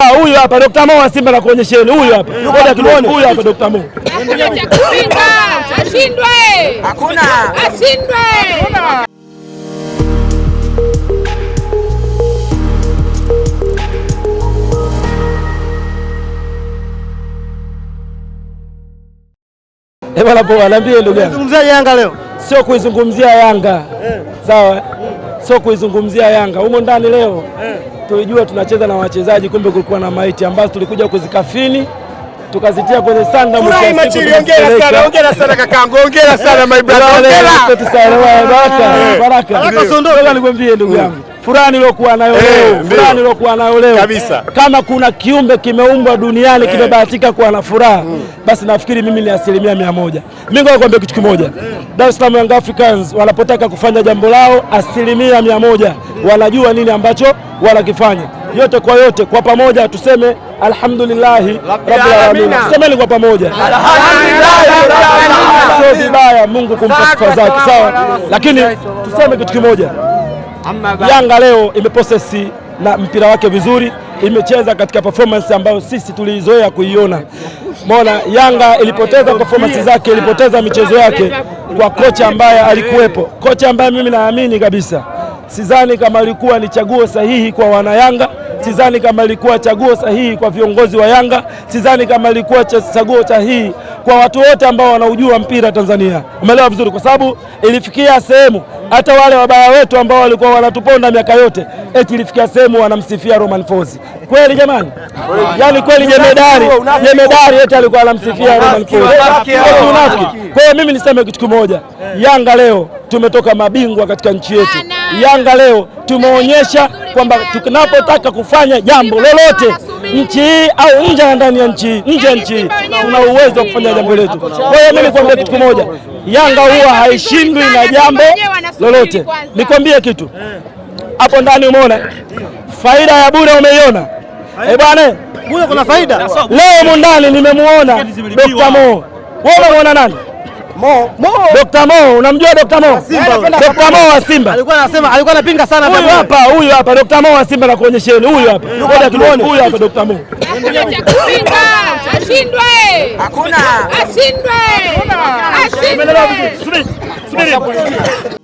Ah, huyu hapa Dr. Mo wa Simba na kuonyesheni huyu hapa. Huyu hapa Dr. Mo. Ashindwe. Hakuna. Ashindwe. Eh, bwana poa, niambie ndugu yangu. Zungumzia Yanga leo. Sio kuizungumzia Yanga. Eh. Sawa. Mm sio kuizungumzia Yanga humo ndani. Leo eh. tulijua tunacheza na wachezaji, kumbe kulikuwa na maiti ambazo tulikuja kuzikafini tukazitia kwenye sanda. Hongera sana, hongera sana hongera sana my brother, hongera. Baraka, eh. baraka. Nikwambie ndugu yangu furaha iliyokuwa nayo eh, leo, fulani iliyokuwa nayo leo kabisa. Kama kuna kiumbe kimeumbwa duniani hey, eh. kimebahatika kuwa na furaha mm. basi nafikiri mimi ni asilimia mia moja. Mimi ngoja nikwambie kitu kimoja, eh. Dar es Salaam Young Africans wanapotaka kufanya jambo lao, asilimia mia moja wanajua nini ambacho wanakifanya. Yote kwa yote, kwa pamoja tuseme alhamdulillahi rabbil alamin, semeni kwa pamoja Sio vibaya Mungu kumpa sifa zake, sawa, lakini tuseme kitu kimoja Yanga leo imeposesi na mpira wake vizuri, imecheza katika performance ambayo sisi tulizoea kuiona. Mbona Yanga ilipoteza performance zake, ilipoteza michezo yake kwa kocha ambaye alikuwepo, kocha ambaye mimi naamini kabisa, sidhani kama alikuwa ni chaguo sahihi kwa wana Yanga. Sidhani kama ilikuwa chaguo sahihi kwa viongozi wa Yanga, sidhani kama ilikuwa chaguo sahihi kwa watu wote ambao wanaujua mpira Tanzania. Umeelewa vizuri, kwa sababu ilifikia sehemu hata wale wabaya wetu ambao walikuwa wanatuponda miaka yote, eti ilifikia sehemu wanamsifia Roman Fozi. Kweli jamani, yaani kweli jemedari, jemedari eti alikuwa anamsifia Roman Fozi, unafiki. Kwa hiyo mimi niseme kitu kimoja, Yanga leo tumetoka mabingwa katika nchi yetu. Yanga leo tumeonyesha kwamba tunapotaka kufanya jambo lolote nchi hii au nje na ndani ya nchi nje ya nchi hii tuna uwezo wa kufanya jambo letu. Kwa hiyo mimi nikwambie kitu kimoja, Yanga huwa haishindwi na jambo lolote. Nikwambie kitu hapo ndani, umeona faida ya bure, umeiona eh bwana, bure kuna faida leo mundani, nimemuona Dr. Mo. Wewe umeona nani? Mo, Mo. Dr. Mo, unamjua Dr. Mo? Dr. Mo wa Simba. Alikuwa anasema, alikuwa anapinga sana huyu hapa, huyu hapa Dr. Mo wa Simba nakuonyesheni huyu hapa. Ngoja tuone huyu hapa Dr. Mo. Ashindwe. Hakuna. Ashindwe. Ashindwe. Subiri. Subiri.